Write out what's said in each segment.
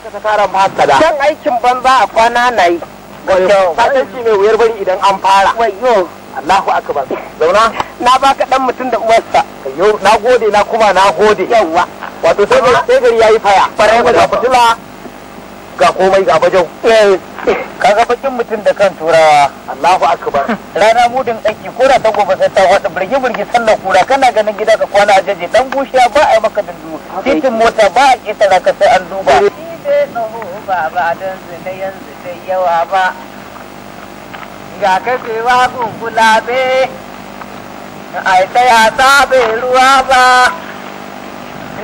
Kan aikin banza a kwana na yi. Sakan shi mai wuyar bari idan an fara. Wayo. Allahu akbar. Zauna. Na baka dan mutum da uwarsa. Yau na gode na kuma na gode. Yawwa. Wato sai gari yayi faya. Farai ga fitila ga komai ga bajau. Eh. Kaga bakin mutum da kan turawa. Allahu akbar. Rana mudin aiki ko da ta gobe sai ta wada birgi birgi sallar kura kana ganin gida ka kwana a ajeje dan bushiya ba a yi maka dindu. Titin mota ba a ƙetara ka sai an duba. Eh. sai tsaho ba ba don zina yanzu ta yawa ba ga kafewa kunkula be ai ta ya bai ruwa ba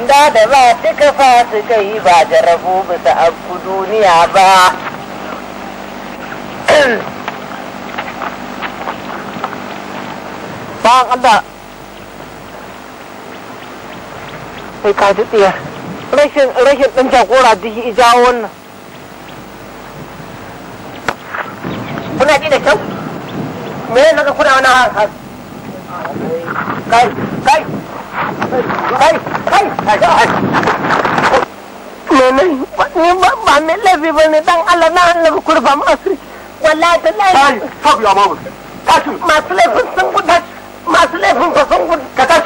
da da ba duka fa su kai ba jarabu bisa abu duniya ba bayan da sai ka ji tsiyar rashin rashin ɗan jagora duk i jawo wannan kuna ji da kyau me kuna wani haka kai kai kai kai kai Kai,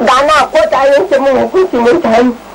da na ko ta yanke min hukunci mai ta hannu